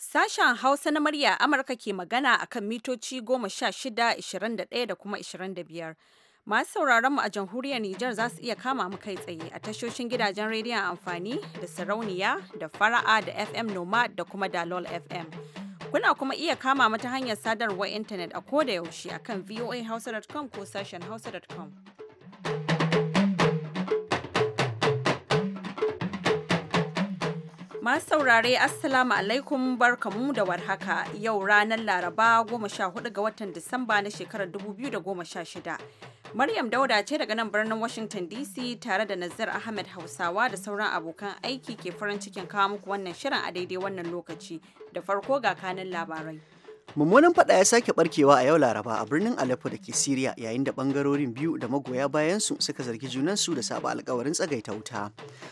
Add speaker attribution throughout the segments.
Speaker 1: Sashen Hausa na murya Amurka ke magana a kan mitoci goma sha 16, 21 da kuma biyar Masu sauraron mu a jamhuriyar Nijar za su iya kama mu kai tsaye a tashoshin gidajen rediyon amfani da sarauniya da fara'a da FM Noma da kuma Dalol FM. Kuna kuma iya kama mu ta hanyar sadarwar intanet a koda yaushe akan voahausa.com ko sashen hausa.com. Masu saurare Assalamu alaikum barkamu da warhaka yau ranar Laraba 14 ga watan Disamba na shekarar 2016. Maryam Dauda ce daga nan birnin Washington DC tare da Nazir Ahmed Hausawa da sauran abokan aiki ke farin cikin kawo muku wannan shirin a daidai wannan lokaci. Da farko ga kanin labarai.
Speaker 2: mummunan fada ya sake barkewa a yau laraba a birnin aleppo da ke syria yayin da bangarorin biyu da magoya bayansu suka zargi junan su da saba alkawarin tsagaita wuta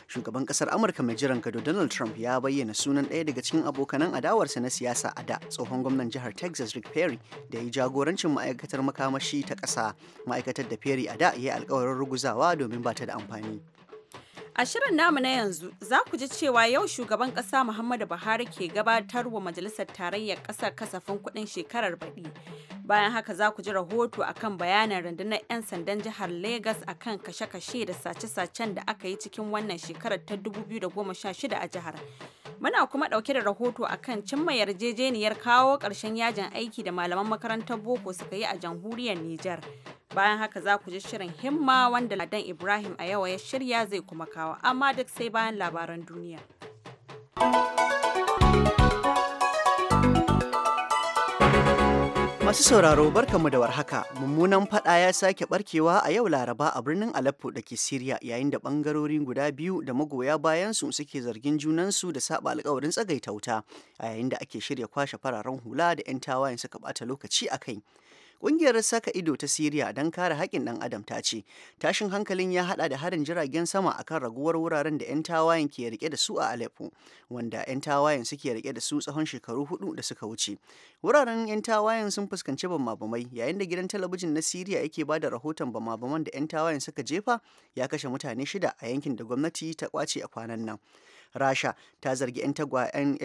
Speaker 2: shugaban kasar amurka mai jiran gado donald trump ya bayyana sunan ɗaya daga cikin abokanan adawarsa na siyasa a da tsohon gwamnan jihar texas rick perry da ya jagorancin ma'aikatar makamashi ta ƙasa ma'aikatar da perry a da ya yi alkawarin ruguzawa domin ba ta da amfani
Speaker 1: A shirin namu na yanzu za ku ji cewa yau shugaban ƙasa Muhammadu Buhari ke gabatar wa Majalisar Tarayyar ƙasar kasafin kuɗin shekarar baɗi. Bayan haka za ku ji rahoto akan bayanan rundunar 'yan sandan jihar Legas akan kashe-kashe da sace-sacen da aka yi cikin wannan shekarar ta 2016 a jihar. Muna kuma ɗauke da rahoto akan cimma yarjejeniyar kawo ƙarshen yajin aiki da malaman makarantar boko suka yi a jamhuriyar Nijar. bayan haka za ku ji shirin himma wanda ladan ibrahim a yawa ya shirya zai kuma kawo amma duk sai bayan labaran duniya
Speaker 2: masu sauraro barkanmu da warhaka mummunan fada ya sake barkewa a yau laraba a birnin aleppo da ke syria yayin da bangarorin guda biyu da magoya bayansu suke zargin junansu da saba alkawarin tsagaita wuta a yayin da ake shirya kwashe fararen hula da 'yan tawayen suka bata lokaci a kai Ƙungiyar saka ido ta Siriya don kare haƙƙin ɗan adam ta ce, tashin hankalin ya haɗa da harin jiragen sama akan raguwar wuraren da 'yan tawayen ke rike da su a Aleppo, wanda 'yan tawayen suke rike da su tsawon shekaru hudu da suka wuce. Wuraren 'yan tawayen sun fuskanci bamabamai yayin da gidan talabijin na Siriya yake ba da rahoton bamabaman da 'yan tawayen suka jefa ya kashe mutane shida a yankin da gwamnati ta kwace a kwanan nan. rasha ta zargi 'yan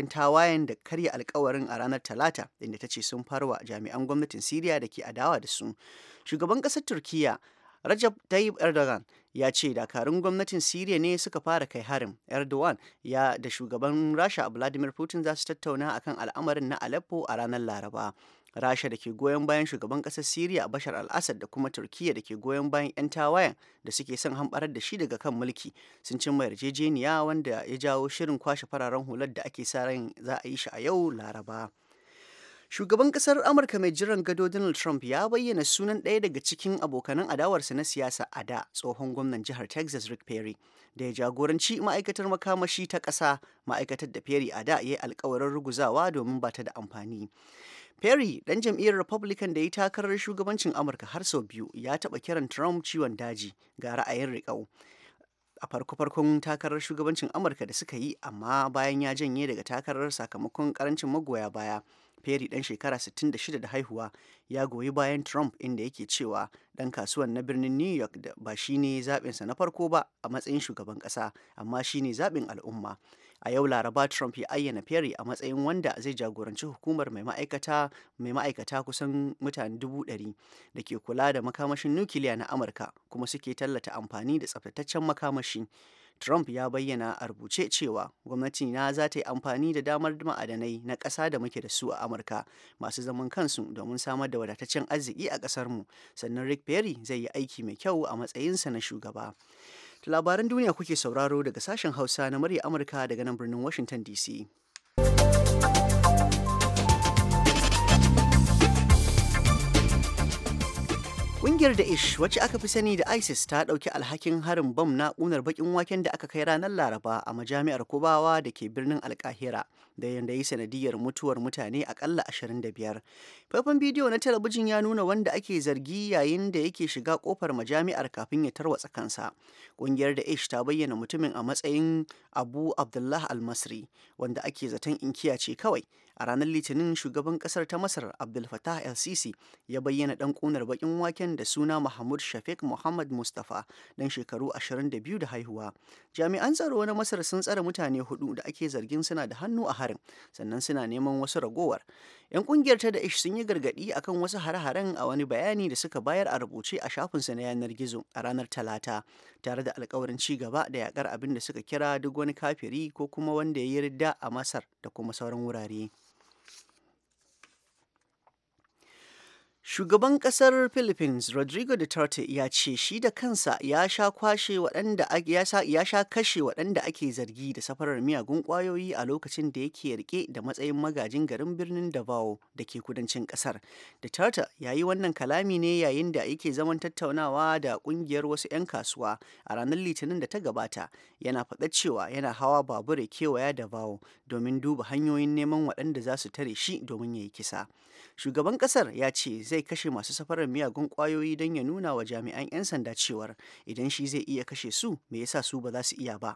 Speaker 2: tawayen da karya alkawarin a ranar talata inda ta ce sun farwa jami'an gwamnatin siriya da ke adawa da su shugaban ƙasar turkiyya rajab tayyip erdogan ya ce dakarun gwamnatin siriya ne suka fara kai harin erdogan ya da shugaban rasha vladimir putin za su tattauna akan al'amarin na aleppo a ranar laraba rasha da ke goyon bayan shugaban ƙasar siriya bashar al-assad da kuma turkiya da ke goyon bayan 'yan tawayen da suke son hamɓarar da shi daga kan mulki sun cimma yarjejeniya wanda ya jawo shirin kwashe fararen hular da ake sa ran za a yi shi a yau laraba Shugaban kasar Amurka mai jiran gado Donald Trump ya bayyana sunan ɗaya daga cikin abokanan adawarsa na siyasa a da tsohon gwamnan jihar Texas Rick Perry da ya jagoranci ma'aikatar makamashi ta ƙasa ma'aikatar da Perry a da ya yi alkawarin ruguzawa domin ba ta da amfani. Perry, ɗan jam'iyyar Republican da ya takarar shugabancin Amurka har sau biyu, ya taɓa kiran Trump ciwon daji ga ra'ayin riƙau. a farko-farkon takarar shugabancin amurka da suka yi amma bayan ya janye daga takarar sakamakon karancin magoya baya Perry ɗan shekara 66 da haihuwa ya goyi bayan Trump inda yake cewa ɗan kasuwan na birnin New York ba shi shine zaɓinsa na farko ba a matsayin shugaban ƙasa amma shine zaɓin al'umma. A yau Laraba Trump ya ayyana Perry a matsayin wanda zai jagoranci hukumar mai ma'aikata mai ma'aikata kusan mutane dubu ɗari da ke kula da makamashin nukiliya na Amurka kuma suke tallata amfani da tsaftataccen makamashi. Trump ya bayyana a rubuce cewa gwamnati na za ta yi amfani da damar ma'adanai na ƙasa da muke da su a Amurka masu zaman kansu domin samar da wadataccen arziki a ƙasarmu. Sannan Rick Perry zai yi aiki mai kyau a matsayinsa na shugaba. Labaran duniya kuke sauraro daga sashen Hausa na murya Amurka daga nan birnin Washington DC. Ƙungiyar ish wacce aka fi sani da ISIS ta ɗauki alhakin harin bom na ƙunar bakin waken da aka kai ranar Laraba a majami'ar Kubawa da ke birnin Alkahira da yanda yi sanadiyar mutuwar mutane akalla 25. Faifan bidiyo na talabijin ya nuna wanda ake zargi yayin da yake shiga kofar majami'ar kafin ya tarwatsa kansa. Ƙungiyar ish ta bayyana mutumin a matsayin Abu Abdullah Al-Masri wanda ake zaton inkiya ce kawai. a ranar litinin shugaban kasar ta masar abdul fatah el sisi ya bayyana dan kunar bakin waken da suna mahmud shafiq muhammad mustafa dan shekaru 22 da haihuwa jami'an tsaro na masar sun tsare mutane hudu da ake zargin suna da hannu a harin sannan suna neman wasu ragowar yan kungiyar ta da ish sun yi gargadi akan wasu hare-haren a wani bayani da suka bayar a rubuce a shafinsu na yanar gizo a ranar talata tare da alkawarin ci gaba da yakar abin da suka kira duk wani kafiri ko kuma wanda ya yi ridda a masar da kuma sauran wurare Shugaban kasar Philippines Rodrigo Duterte ya ce shi da kansa ya sha kwashe waɗanda ya sha kashe waɗanda ake zargi da safarar miyagun ƙwayoyi a lokacin da yake rike da matsayin magajin garin birnin Davao da ke kudancin kasar Duterte ya yi wannan kalami ne yayin da yake zaman tattaunawa da kungiyar wasu 'yan kasuwa a ranar Litinin da ta gabata. Yana faɗa cewa yana hawa babur kewaya Davao domin duba hanyoyin neman waɗanda za su tare shi domin ya yi kisa. Shugaban kasar ya ce zai zai kashe masu safarar miyagun kwayoyi don ya nuna wa jami'an 'yan sanda cewar idan shi zai iya kashe su me yasa su ba za su iya ba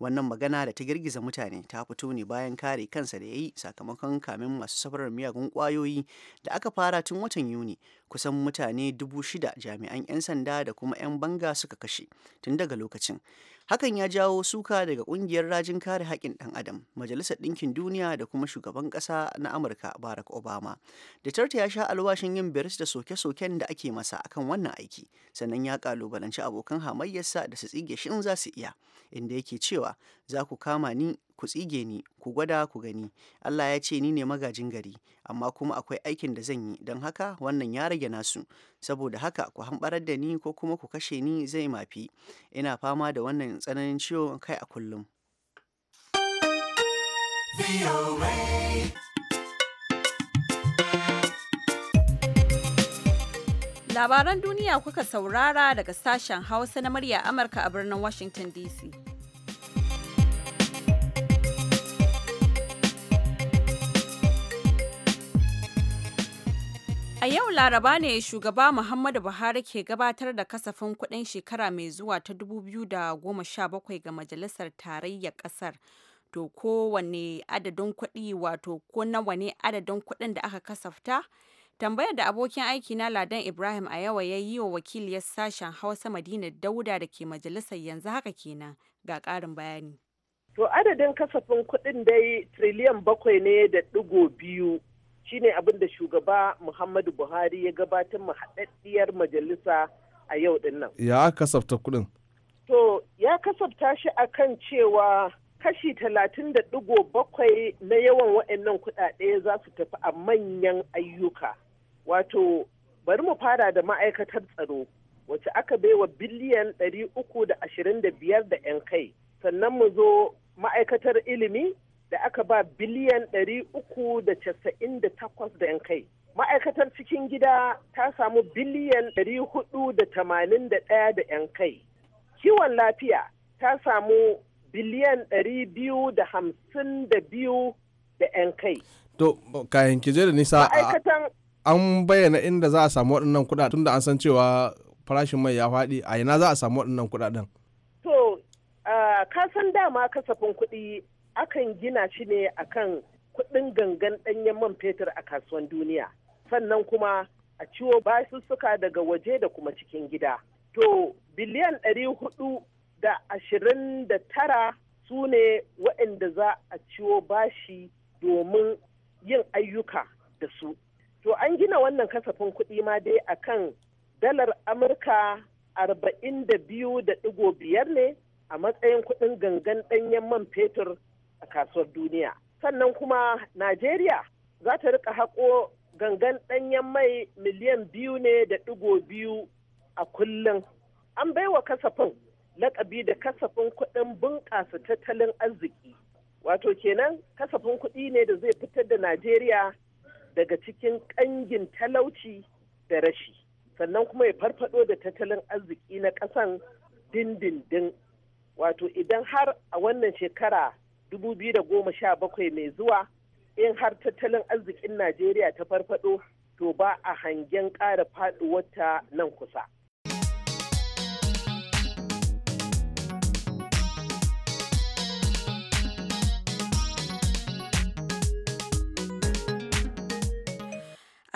Speaker 2: wannan magana da ta girgiza mutane ta fito ne bayan kare kansa da ya yi sakamakon kamin masu safarar miyagun kwayoyi da aka fara tun watan yuni kusan mutane dubu shida jami'an 'yan sanda da kuma 'yan banga suka kashe tun daga lokacin Hakan ya jawo suka daga kungiyar rajin kare haƙin ɗan adam, Majalisar Ɗinkin Duniya da kuma shugaban ƙasa na Amurka Barack Obama. Duterte ya sha alwashin yin biris da soke-soken da ake masa akan wannan aiki, sannan ya ƙalubalanci abokan hamayyarsa da su tsige shi in za su iya, inda yake cewa za ku kama ni ku tsige ni ku gwada ku gani Allah ya ce ni ne magajin gari amma kuma akwai aikin da zan yi don haka wannan ya rage nasu saboda haka ku hambarar da ni ko kuma ku kashe ni zai mafi ina fama da wannan tsananin ciwon kai a kullum
Speaker 1: Labaran duniya kuka saurara daga sashen Hausa na murya Amurka a birnin Washington DC. A yau Laraba ne shugaba Muhammadu Buhari ke gabatar da kasafin kuɗin shekara mai zuwa ta 2017 ga Majalisar Tarayyar Ƙasar. To kowane adadin kuɗi wato ko nawa ne adadin kuɗin da aka kasafta? Tambayar da abokin aiki na Ladan Ibrahim a yawa ya yi wa wakiliyar sashen Hausa Madina Dauda da ke majalisar yanzu haka kenan ga karin bayani.
Speaker 3: To adadin kasafin kuɗin dai triliyan bakwai ne da ɗigo biyu shine abin da shugaba muhammadu buhari ya gabatar ma haɗaɗɗiyar majalisa a yau ɗin nan
Speaker 4: ya kasafta kuɗin
Speaker 3: to ya kasafta shi a kan cewa kashi talatin da ɗigo bakwai na yawan waɗannan kuɗaɗe za su tafi a manyan ayyuka wato bari mu fara da ma'aikatar tsaro wacce aka baiwa biliyan ɗari uku da ashirin da biyar da 'yan kai sannan mu zo ma'aikatar ilimi da aka ba biliyan 398 da yan kai. Ma'aikatar cikin gida ta samu biliyan 481 da yan kai. Kiwon lafiya ta samu biliyan 252 da yan kai.
Speaker 4: To, kayan kije da nisa an bayyana inda za a samu waɗannan kuɗaɗen tunda an san cewa farashin mai ya faɗi a ina za a samu waɗannan kuɗaɗen.
Speaker 3: To, ka san dama kasafin kuɗi akan gina shi ne akan kudin gangan danyen man fetur a kasuwan duniya sannan kuma a ciwo basussuka daga waje da kuma cikin gida to biliyan ɗari hudu da ashirin da tara su ne waɗanda za a ciwo bashi domin yin ayyuka da su to an gina wannan kasafin kuɗi ma dai akan dalar amurka arba'in da biyu da ɗigo biyar ne a matsayin kuɗin gangan danyen man fetur a kasuwar duniya sannan kuma najeriya za ta rika haƙo gangan ɗanyen mai miliyan biyu ne da ɗigo biyu a kullum an baiwa kasafin lakabi da kasafin kuɗin bunƙasa tattalin arziki wato kenan kasafin kuɗi ne da zai fitar da najeriya daga cikin ƙangin talauci da rashi sannan kuma ya farfaɗo da tattalin arziki na ƙasan dindindin wato idan har a wannan shekara 2017 mai zuwa in har tattalin arzikin Najeriya ta farfado to ba a hangen ƙara ta nan kusa.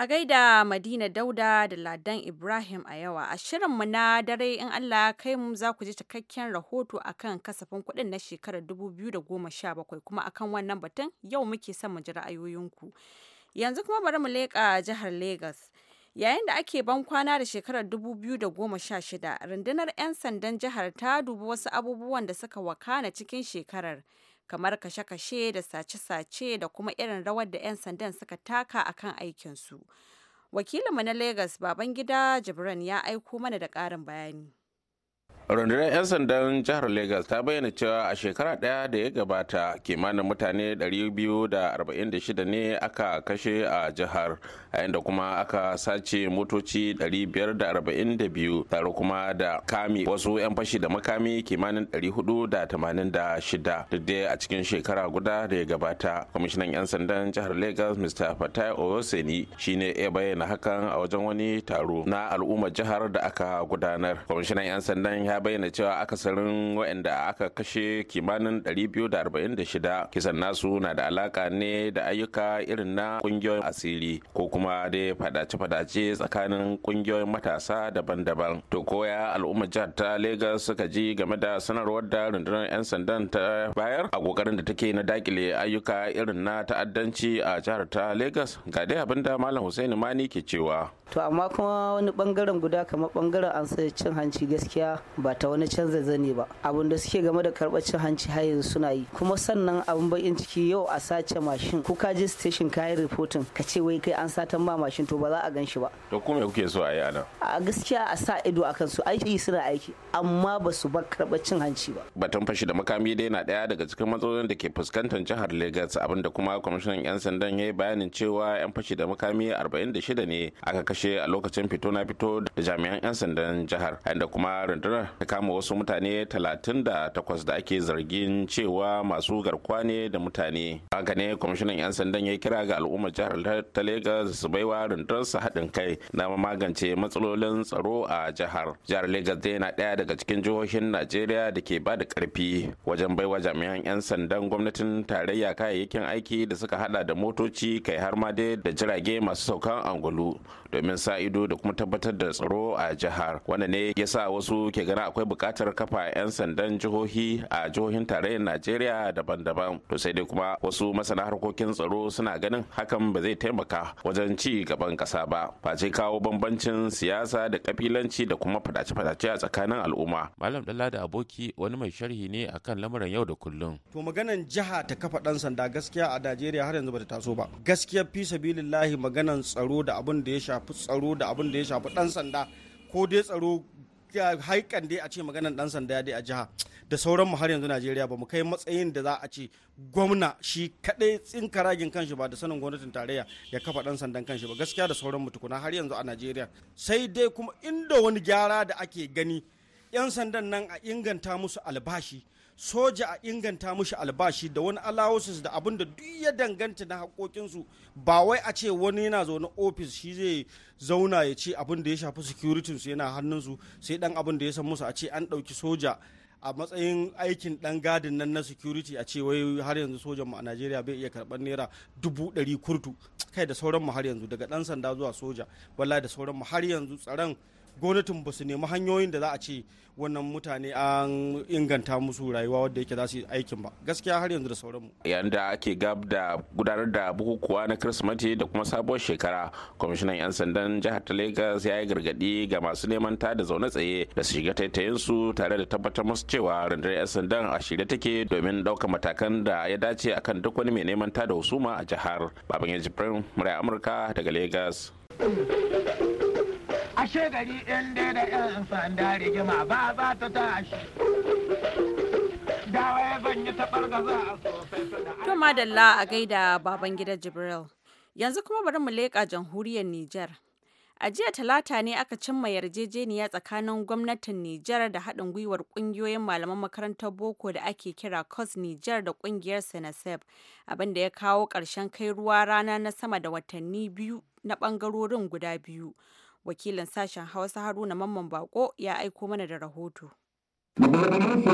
Speaker 1: A gaida Madina Dauda da Ladan Ibrahim a yawa. A shirinmu na dare in Allah kai mu za ku ji cikakken rahoto akan kasafin kuɗin na shekarar 2017 kuma akan wannan batun yau muke son mu ji ra'ayoyinku. Yanzu kuma bari mu leƙa jihar Legas. Yayin da ake ban kwana da shekarar 2016, rundunar 'yan sandan jihar ta dubi wasu abubuwan da suka wakana cikin shekarar. kamar kashe-kashe da sace-sace da kuma irin rawar da 'yan sandan suka taka a kan aikinsu. Wakilinmu na Legas Babangida Jibran ya aiko mana da ƙarin bayani.
Speaker 5: rundunar 'yan sandan jihar lagos ta bayyana cewa a shekara ɗaya da ya gabata kimanin mutane 246 ne aka kashe a jihar a da kuma aka sace motoci 542 tare kuma da kami wasu 'yan fashi da makami kimanin 486 duk dai a cikin shekara guda da ya gabata kwamishinan 'yan sandan jihar lagos mr fatai oyoseni shine ya bayyana hakan a wajen wani taro na al'ummar jihar da aka gudanar kwamishinan 'yan sandan ya bayyana cewa akasarin waɗanda aka kashe kimanin 246 kisan nasu na da alaka ne da ayyuka irin na ƙungiyoyin asiri ko kuma dai fadace-fadace tsakanin ƙungiyoyin matasa daban-daban to koya al'ummar jihar ta Legas suka ji game da sanarwar da rundunar 'yan sandan ta bayar a kokarin da take na dakile ayyuka irin na ta'addanci a jihar ta lagos ga dai abin da malam hussein mani ke cewa
Speaker 1: to amma kuma wani bangaren guda kamar bangaren an sai cin hanci gaskiya ba ba ta wani canza zane ba abin da suke game da karbacin cin hanci har yanzu suna yi kuma sannan abin bakin ciki yau a sace mashin ko je station ka yi reporting ka ce wai kai an satan ba mashin to ba za a gan shi ba
Speaker 5: to kuma kuke so a yi anan
Speaker 1: a gaskiya a sa ido akan su aiki suna aiki
Speaker 6: amma ba su bar karbacin cin hanci ba
Speaker 5: batun fashi da makami dai na daya daga cikin matsalolin da ke fuskantar jihar Lagos abinda kuma kwamishinan yan sandan ya yi bayanin cewa yan fashi da makami 46 ne aka kashe a lokacin fito na fito da jami'an yan sandan jihar inda kuma rundunar ta kama wasu mutane 38 da ake zargin cewa masu garkuwa ne da mutane haka ne kwamishinan 'yan sandan ya kira ga al'umma jihar ta lagos su baiwa rundunarsa haɗin kai na magance matsalolin tsaro a jihar jihar Legas dai na ɗaya daga cikin jihohin najeriya da ke ba da ƙarfi wajen baiwa jami'an 'yan sandan gwamnatin tarayya kayayyakin aiki da suka hada da motoci kai har ma dai da jirage masu saukan angulu domin sa ido da kuma tabbatar da tsaro a jihar wanda ne ya sa wasu ke gana kana akwai buƙatar kafa 'yan sandan jihohi a jihohin tarayyar najeriya daban-daban to sai dai kuma wasu masana harkokin tsaro suna ganin hakan ba zai taimaka wajen ci gaban kasa ba face kawo bambancin siyasa da kabilanci da kuma fadace-fadace a tsakanin al'umma malam dala da aboki wani mai sharhi ne akan lamuran yau da kullum
Speaker 7: to maganan jiha ta kafa ɗan sanda gaskiya a najeriya har yanzu bata taso ba gaskiya fi sabilillahi maganan tsaro da abin da ya shafi tsaro da abin da ya shafi ɗan sanda ko dai tsaro haikan dai a ce maganan dan sanda dai a jiha da sauran mu har yanzu Najeriya ba mu kai matsayin da za a ce gwamna shi kadai tsinkaragin kanshi ba da sanin gwamnatin tarayya ya kafa dan sandan kanshi ba gaskiya da sauran mu tukuna har yanzu a Najeriya sai dai kuma inda wani gyara da ake gani yan sandan nan a inganta musu albashi soja a inganta mushi albashi da wani allowances da abin da duk ya danganta na haƙoƙinsu ba wai a ce wani yana zaune ofis shi zai zauna ya ce abin da ya shafi security su yana hannunsu sai dan abin da ya san musu a ce an ɗauki soja a matsayin aikin dan gadin nan na security a ce wai har yanzu sojan mu a Najeriya bai iya karɓar naira dubu ɗari kurtu kai da sauran mu har yanzu daga ɗan sanda zuwa soja wallahi da sauran mu har yanzu tsaron gwamnatin ba su nemi hanyoyin da za a ce wannan mutane an inganta musu rayuwa wadda yake za su yi aikin ba gaskiya har yanzu da mu
Speaker 5: yayin da ake gab da gudanar da bukukuwa na kirsimati da kuma sabuwar shekara kwamishinan yan sandan jihar ta lagos ya yi gargadi ga masu neman ta da zaune tsaye da su shiga taitayin su tare da tabbatar musu cewa rundunar yan sandan a shirye take domin ɗaukar matakan da ya dace akan duk wani mai neman ta da husuma a jihar baban ya jibrin murai amurka daga lagos
Speaker 6: ashe gari in dai da yan da rigima ba za ta tashi waye ban yi tabar da za a sosai
Speaker 1: to da a gaida baban gidan jibril yanzu kuma bari mu leƙa jamhuriyar niger A jiya Talata ne aka cimma yarjejeniya tsakanin gwamnatin Nijar da haɗin gwiwar ƙungiyoyin malaman makarantar boko da ake kira COS Nijar da ƙungiyar Senaseb, abinda ya kawo ƙarshen kai ruwa rana na sama da watanni biyu na ɓangarorin guda biyu, wakilin sashen hausa haruna mamman bako ya aiko mana da rahoto
Speaker 8: Le gouvernement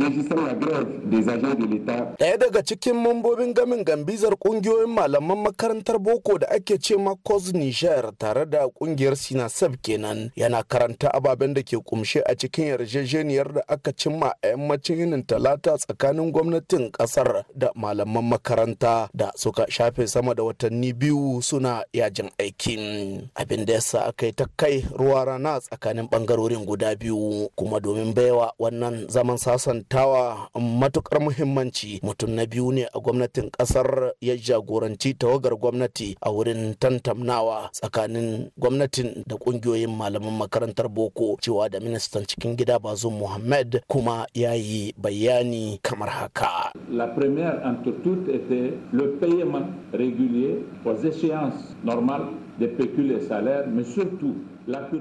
Speaker 8: régissant la grève des agents de l'État.
Speaker 6: Ɗaya daga cikin mambobin gamin gambizar kungiyoyin malaman makarantar boko da ake ce ma Niger tare da kungiyar Sinasab kenan yana karanta ababen da ke kumshe a cikin yarjejeniyar da aka cimma a yammacin yinin talata tsakanin gwamnatin kasar da malaman makaranta da suka shafe sama da watanni biyu suna yajin aikin. Abin da yasa aka yi ta kai ruwa rana tsakanin bangarorin guda biyu kuma domin domin baiwa wannan zaman sasantawa matukar muhimmanci mutum na biyu ne a gwamnatin kasar ya jagoranci tawagar gwamnati a wurin tantamnawa tsakanin gwamnatin da kungiyoyin malaman makarantar boko cewa da ministan cikin gida bazu muhammad kuma ya yi bayani kamar haka
Speaker 5: la première entre toutes était le paiement régulier aux échéances normales de et salaires mais surtout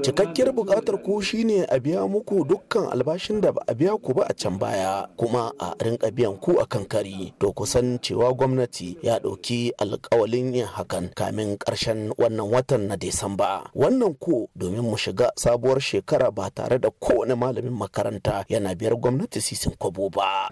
Speaker 6: cikakkiyar bukatar ku shine a biya muku dukkan albashin da ba a biya ku ba a can baya kuma a rinka biyan ku a kan kari to kusan cewa gwamnati ya ɗauki alkawalin yin hakan kamin ƙarshen wannan watan na desamba wannan ko domin mu shiga sabuwar shekara ba tare da kowane malamin makaranta yana biyar gwamnati sisin kwabo ba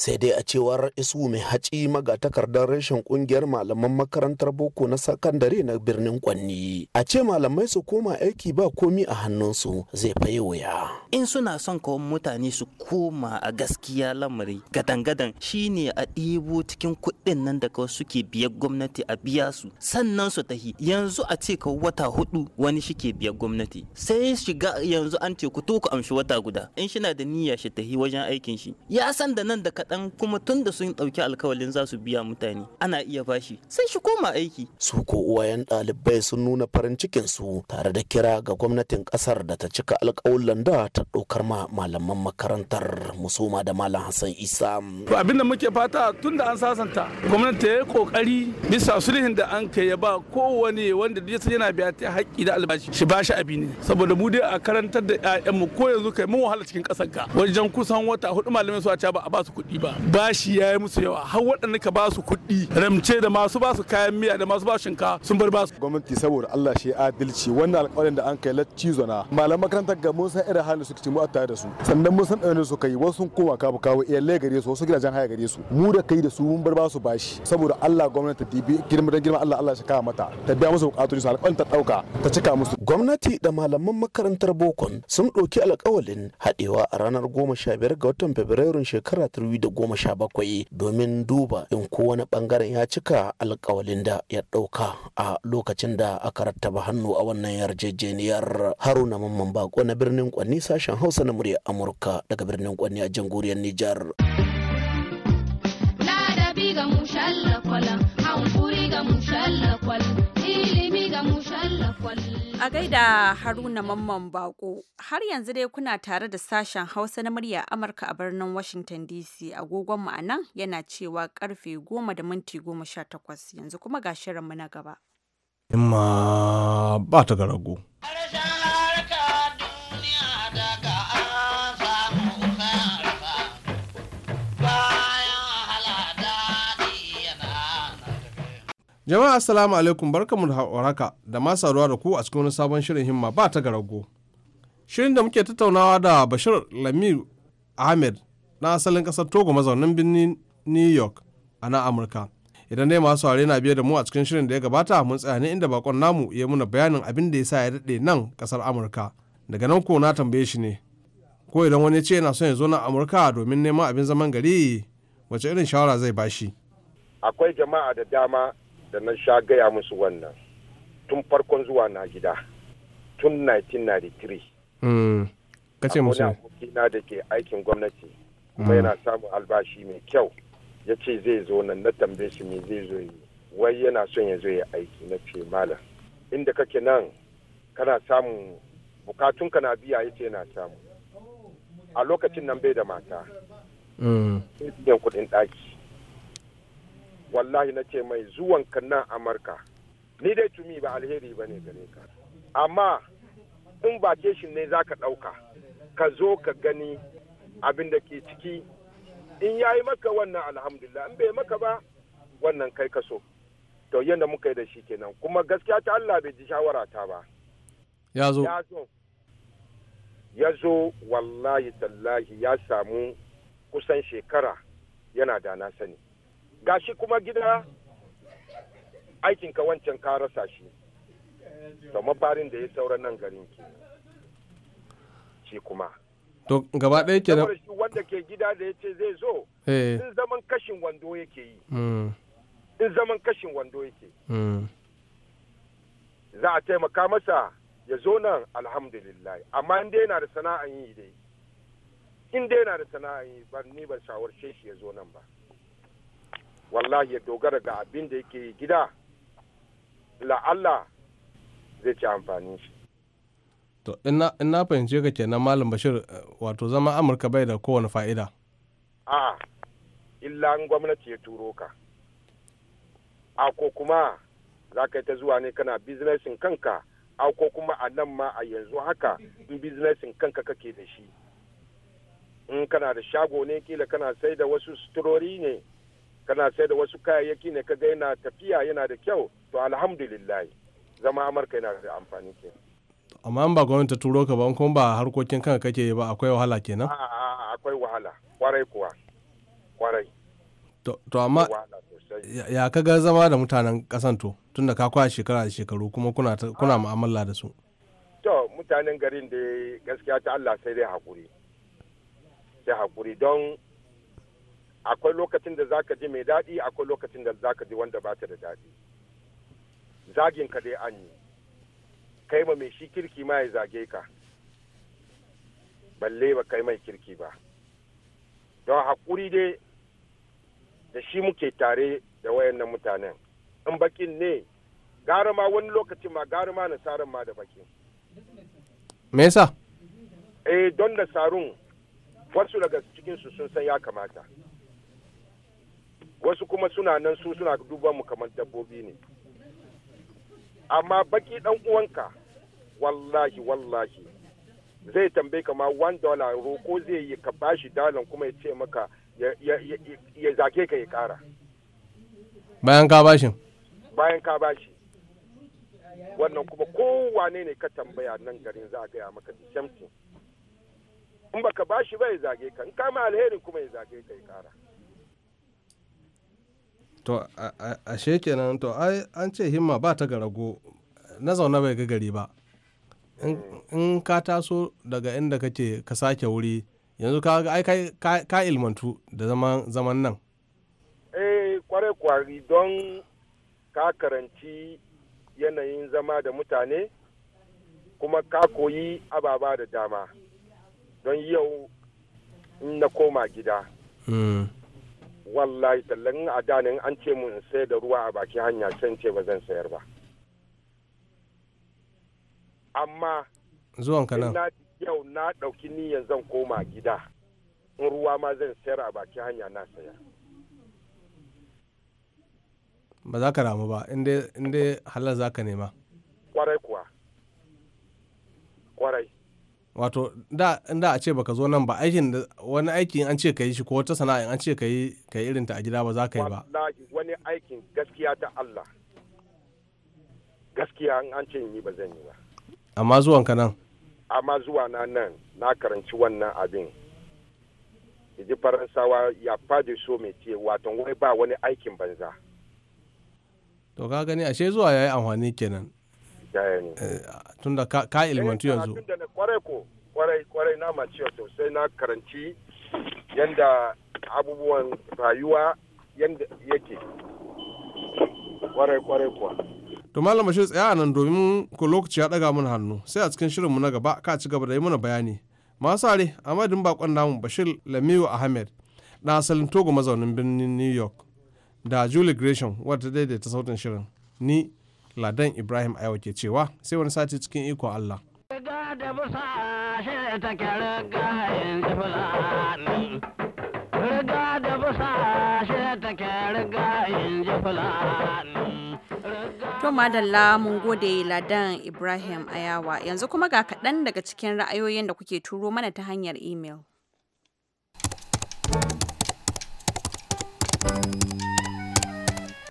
Speaker 6: sai dai a cewar isu mai haci magatakardar rashin kungiyar malaman makarantar boko na sakandare na birnin Kwanni. A ce malamai su koma aiki ba komi a hannunsu zai fayi wuya. In suna son kawo mutane su koma a gaskiya lamari gadan-gadan shi ne a ɗibo cikin kuɗin nan da kawai suke biyar gwamnati a biya su sannan su tahi yanzu a ce ka wata hudu wani shike biyar gwamnati sai shiga yanzu an ce ku to ku amshi wata guda in shi na da niyya shi tahi wajen aikin shi ya san da nan da kaɗan kuma tun da sun ɗauki alkawalin za su biya mutane ana iya bashi sai shi koma aiki. Su ko uwa iyayen ɗalibai sun nuna farin cikinsu tare da kira ga gwamnatin ƙasar da ta cika alƙawullan da ta ɗaukar ma malaman makarantar musoma da malam hassan isa
Speaker 5: abinda muke fata tun da an sasanta gwamnati ta yi ƙoƙari bisa sulhin da an kai ya ba kowane wanda duk yana biya ta haƙƙi da albashi shi ba shi abi ne saboda mu dai a karantar da ƴaƴanmu ko yanzu kai mun wahala cikin ƙasar ka wajen kusan wata hudu malamai su a ba a ba su kuɗi ba bashi ya yi musu yawa har waɗanda ka ba su kuɗi ramce da masu ba
Speaker 6: su kayan miya da masu ba shinka sun damar ba gwamnati saboda Allah shi adalci wannan alƙawarin da an kai lacci zona malam makarantar ga mun san irin halin suke mu a tare da su sannan mun san ɗanin su kai wasu kuma koma kabu kawo iyalle gare su wasu gidajen haya gare su mu da kai da su mun bar ba su bashi saboda Allah gwamnati ta dibi girma da girma Allah Allah shi kawo mata ta biya musu bukatun su alƙawarin ta ɗauka ta cika musu gwamnati da malaman makarantar bokon sun ɗauki alƙawalin haɗewa a ranar goma sha biyar ga watan fabrairun shekara ta da goma sha bakwai domin duba in kowane ɓangaren ya cika alƙawalin da ya ɗauka a lokacin da aka rattaba hannu a wannan yarjejeniyar haruna mamman bako na birnin kwanni sashen hausa na murya amurka daga birnin kwanni a jamhuriyar nijar
Speaker 1: A gaida Haruna Mamman Bako, har yanzu dai kuna tare da sashen Hausa na murya Amurka a birnin Washington DC agogon mu yana cewa karfe goma da minti goma sha takwas yanzu kuma ga shirinmu na gaba.
Speaker 4: ma ba ta ga rago. Jama'a assalamu alaikum barkamu da hauraka da ma saduwa da ku a cikin wani sabon shirin himma ba ta garago. Shirin da muke tattaunawa da Bashir Lamir Ahmed na asalin kasar Togo mazaunin birnin New York a na Amurka. idan dai masu saurare na biye da mu a cikin shirin da ya gabata mun tsaya ne inda bakon namu ya muna bayanin abin da ya sa ya daɗe nan ƙasar amurka daga nan ko na tambaye shi ne ko idan wani ce yana son ya zo nan amurka domin neman abin zaman gari wace irin shawara zai ba shi.
Speaker 8: akwai jama'a da dama da na sha gaya musu wannan tun farkon zuwa na gida tun 1993
Speaker 4: hmm, kace musu
Speaker 8: na da ke aikin gwamnati kuma yana samun albashi mai kyau ya ce zai zo nan na tambaye shi me zai zo yi wai yana son ya zo ya aiki na ce malam inda kake nan kana samun bukatun kana biya ya ce yana samu a lokacin nan bai da mata mm. biyan kudin daki wallahi na ce mai zuwan ka nan amurka ni dai tumi ba alheri ba ne gare ka amma in ba shi ne za ka ɗauka ka zo ka gani abin da ke ciki in ya yi maka wannan alhamdulillah in bai maka ba wannan kai ka so to yadda muka yi da shi kenan kuma gaskiya ta Allah bai ji shawara ta ba ya zo ya zo wallahi tallahi ya samu kusan shekara yana da na sani gashi kuma gida aikinka wancan ka rasa shi to mafarin da ya saura nan garin ki shi kuma
Speaker 4: to gaba ɗaya ke nan
Speaker 8: wanda ke gida da ya ce zai zo eh. in zaman kashin wando yake yi hmm. in zaman kashin wando yake hmm. za a taimaka masa ya zo nan alhamdulillah amma in dai yana da sana'an yi dai in dai yana da sana'an yi ba ni ban shawarce shi ya zo nan ba wallahi ya dogara ga abin da yake gida la'alla zai ci amfani shi
Speaker 4: to in na fahimce ka kenan malam bashir wato zama amurka bai da kowane fa'ida
Speaker 8: a illa an gwamnati ya turo ka a ko kuma za ka yi ta zuwa ne kana biznesin kanka a ko kuma a nan ma a yanzu haka in biznesin kanka kake da shi in kana da shago ne kila kana sai da wasu suturori ne kana sai da wasu kayayyaki ne kaga yana tafiya yana da kyau to alhamdulillah zama amurka yana da amfani kenan
Speaker 4: amma an ba gwamnati turo ka ba kuma ba harkokin kanka kake ba akwai wahala kenan
Speaker 8: akwai wahala kwarai kuwa kwarai
Speaker 4: to amma ya ka ga zama da mutanen kasan to tunda ka kwaya shekara da shekaru kuma kuna kuna mu'amala da su
Speaker 8: to mutanen garin da gaskiya ta Allah sai dai hakuri sai hakuri don akwai lokacin da zaka ji mai daɗi akwai lokacin da zaka ji wanda ba ta da daɗi zagin ka dai an yi kai ma mai shi kirki ma ya zage ka balle ba kai mai kirki ba don haƙuri dai da shi muke tare da wayannan mutanen in bakin ne gara ma wani lokacin ma gara ma nasarar ma da bakin me yasa eh don da sarun wasu daga cikinsu sun san ya kamata wasu kuma suna nan su suna duban mu kamar dabbobi ne amma baki dan uwanka wallahi wallahi zai tambaye ka ma one dollar roko zai yi ka bashi dalan kuma ya ce maka ya zage ka ya kara
Speaker 4: bayan ka bashin
Speaker 8: bayan ka bashi wannan kuma kowane ne ka tambaya nan garin za a gaya maka da in baka bashi ba ya zage ka in kama alheri kuma ya zage ka ya kara
Speaker 4: to ashe kenan to an ce himma ba ta ga rago na zaune bai ga gari ba in ka taso daga inda kake ka sake wuri yanzu ka ga ka ilmantu da zaman zaman nan
Speaker 8: eh kware kwari don ka karanci yanayin zama da mutane kuma ka koyi ababa da dama don yau in na koma gida hmm. wallahi tallan a danin an ce mun sai da ruwa a bakin hanya can ce ba zan sayar ba amma zuwan kanan yau na ɗauki niyyar zan koma gida in ruwa ma zan sayar a bakin hanya na saya
Speaker 4: ba za ka ramu ba inda halar za ka nema
Speaker 8: kwarai kuwa kwarai
Speaker 4: wato da da a ce baka zo nan ba aikin da wani aikin an ce ka yi shi ko wata sana'a in an ce ka yi ka yi irinta a gida ba za ka yi ba
Speaker 8: wani aikin gaskiya ta Allah gaskiya an an ce yi ba zan yi ba
Speaker 4: amma zuwan ka nan
Speaker 8: amma zuwa na nan na karanci wannan abin idi faransawa ya fadi so mai ce wato wai ba wani aikin banza
Speaker 4: to ka gani ashe zuwa yayi amfani kenan
Speaker 8: Eh,
Speaker 4: tunda ka eh, ilmantu yanzu
Speaker 8: kwarai ko kwarai kwarai na maciwa sosai na karanci yanda abubuwan rayuwa yanda yake kwarai kwarai kuwa
Speaker 4: to malam bashir tsaya nan domin ku lokaci ya daga mun hannu sai a cikin shirinmu na gaba ka ci gaba da yi mana bayani masu are a madadin bakon namu bashir lamiyu ahmed na asalin togo mazaunin birnin new york da julie gresham wadda daidaita sautin shirin ni ladan ibrahim aiwa ke cewa sai wani sati cikin ikon allah
Speaker 6: da
Speaker 1: riga yin riga da riga yin To madalla mun gode ladan Ibrahim Ayawa yanzu kuma ga kaɗan daga cikin ra'ayoyin da kuke turo mana ta hanyar imel.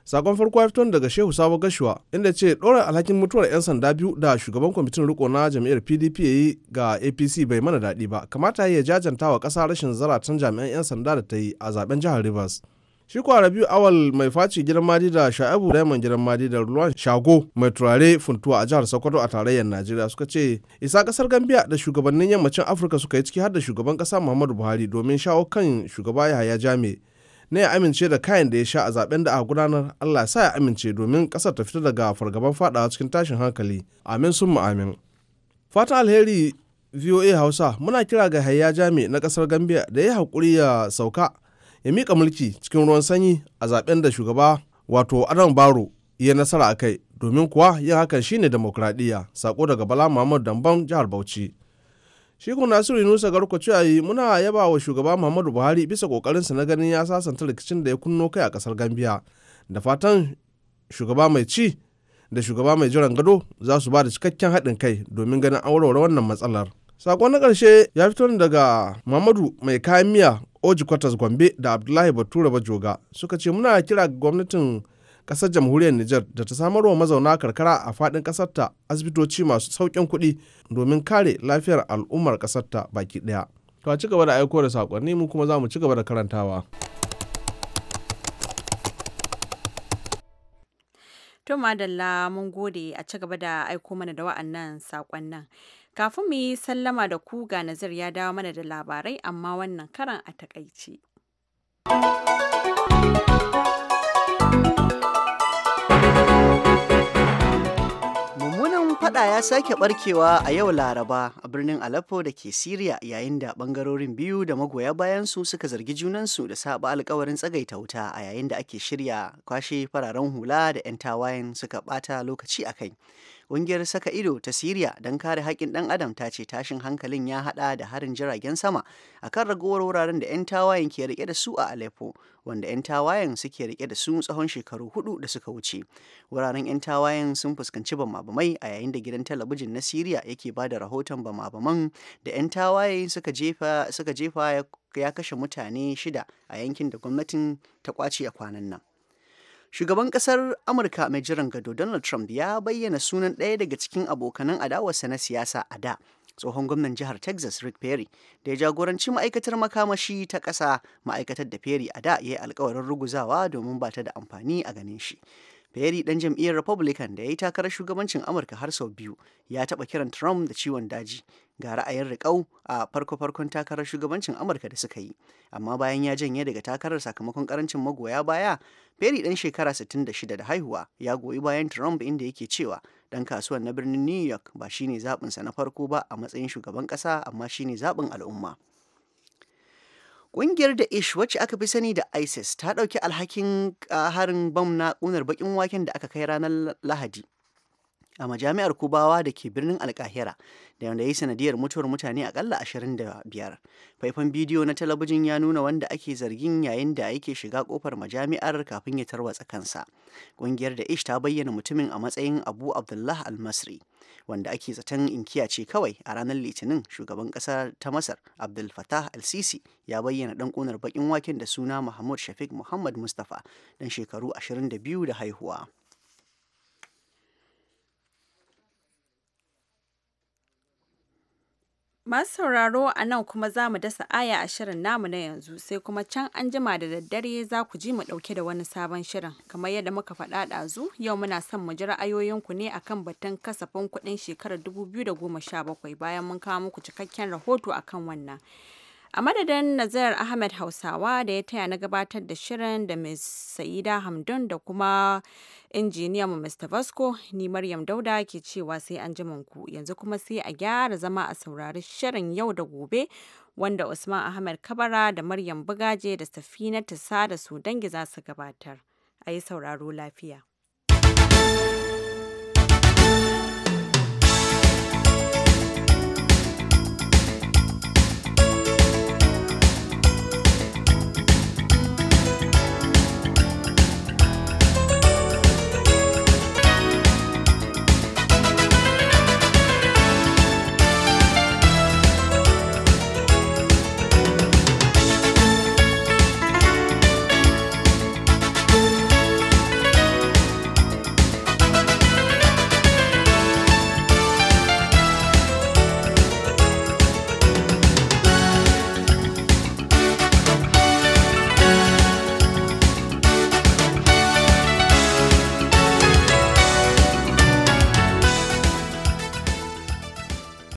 Speaker 4: sakon farko ya fito daga shehu sabo gashuwa inda ce ɗora alhakin mutuwar 'yan sanda biyu da shugaban kwamitin riko na jam'iyyar pdp ya yi ga apc bai mana daɗi ba kamata ya jajanta wa ƙasa rashin zaratan jami'an 'yan sanda da ta yi a zaben jihar rivers shi kuwa rabi awal mai faci gidan madi da sha'abu raymond gidan madi da ruwan shago mai turare funtuwa a jihar sokoto a tarayyar najeriya suka ce isa kasar gambia da shugabannin yammacin afirka suka yi ciki har da shugaban kasa muhammadu buhari domin shawo kan shugaba yahaya jami'a. ne ya amince da kayan da ya sha a zaben da aka gudanar Allah ya sa ya amince domin kasar ta fita daga fargaban fadawa cikin tashin hankali amin sun amin fatan alheri voa hausa muna kira ga hayya jami na kasar gambia da ya haƙuri ya sauka ya mika mulki cikin ruwan sanyi a zaben da shugaba wato adam baro ya nasara a kai domin kuwa yin hakan shine demokradiyya sako daga bala muhammad damban jihar bauchi shi ko nasiru yunusa garko cewa yi muna yaba wa shugaba muhammadu buhari bisa kokarinsa na ganin ya sasanta rikicin da ya kunno kai a kasar gambiya da fatan shugaba mai ci da shugaba mai jiran gado za su ba da cikakken haɗin kai domin ganin an wannan matsalar sakon na ƙarshe ya fito daga muhammadu mai kayan miya oji kwatas gombe da abdullahi bature bajoga suka ce muna kira gwamnatin kasar jamhuriyar Nijar da ta samar wa mazauna karkara a faɗin ƙasarta asibitoci masu saukin kuɗi domin kare lafiyar al'ummar ƙasarta baki ɗaya. To a ci da aiko da saƙonni mu kuma za mu ci gaba da
Speaker 1: karantawa. To madalla mun gode a ci gaba da aiko mana da wa'annan nan Kafin mu yi sallama da ku ga nazar ya dawo mana da labarai amma wannan karan a takaice.
Speaker 2: Fada ya sake barkewa a yau Laraba a birnin Aleppo da ke Siriya yayin da bangarorin biyu da magoya bayansu suka zargi junansu da saba alkawarin tsagaita wuta a yayin da ake shirya kwashe fararen hula da 'yan tawayen suka bata lokaci a kai. Ƙungiyar saka ido ta Siriya don kare haƙƙin ɗan adam ta ce tashin hankalin ya haɗa da harin jiragen sama a kan ragowar wuraren da 'yan tawayen ke rike da su a Aleppo wanda 'yan tawayen suke rike da su tsawon shekaru hudu da suka wuce wuraren 'yan tawayen sun fuskanci bamabamai a yayin da gidan talabijin na siriya yake ba da rahoton bamabaman da 'yan tawaye suka jefa ya kashe mutane shida a yankin da gwamnatin ta kwace a kwanan nan Shugaban kasar Amurka mai jiran gado Donald Trump ya bayyana sunan ɗaya daga cikin abokanan adawarsa na siyasa a da. tsohon gwamnan jihar texas rick perry da ya jagoranci ma'aikatar makamashi ta ƙasa ma'aikatar da perry a da ya yi alkawarin ruguzawa domin ba ta da amfani a ganin shi Perry dan jam'iyyar Republican da ya yi takarar shugabancin Amurka har sau biyu ya taɓa kiran Trump da ciwon daji ga ra'ayin riƙau a farko-farkon takarar shugabancin Amurka da suka yi. Amma bayan ya janye daga takarar sakamakon karancin magoya baya, Perry dan shekara 66 da haihuwa ya goyi bayan Trump inda yake cewa ɗan kasuwan na birnin New York ba shine zaɓinsa na farko ba a matsayin shugaban ƙasa amma shine zaɓin al'umma. Ƙungiyar ish wacce aka fi sani da ISIS ta ɗauki alhakin harin bam na ƙunar baƙin waken da aka kai ranar Lahadi a majami'ar Kubawa da ke birnin Alkahira da wanda ya yi sanadiyar mutuwar mutane akalla biyar Faifan bidiyo na talabijin ya nuna wanda ake zargin yayin da yake shiga kofar majami'ar kafin ya tarwatsa kansa. Ƙungiyar ish ta bayyana mutumin a matsayin Abu Abdullah Al-Masri. wanda ake zaton inkiya ce kawai a ranar litinin shugaban ƙasa ta masar abdul fatah al-sisi ya bayyana ɗan ƙunar baƙin waken da suna mahmud shafiq muhammad mustapha dan shekaru 22 da haihuwa
Speaker 1: Masu sauraro a nan kuma za mu dasa aya a shirin namu na yanzu sai kuma can an jima da daddare za ku ji mu ɗauke da wani sabon shirin. Kamar yadda muka faɗa ɗazu yau muna son mu ji ra'ayoyinku ne akan batun kasafin kuɗin shekarar 2017 bayan mun kawo muku cikakken rahoto akan wannan. A madadin Nazar Ahmed Hausawa da ya taya na gabatar da shirin da Ms. Saida Hamdun da kuma injiniyan mu Mr. Vasco ni Maryam Dauda ke cewa sai an jiman ku yanzu kuma sai a gyara zama a saurari shirin yau da gobe wanda Usman Ahmed Kabara da Maryam Bugaje da Safina Tisa da su dangi za su gabatar. A yi sauraro lafiya.